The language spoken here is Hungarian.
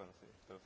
bueno, sí, pero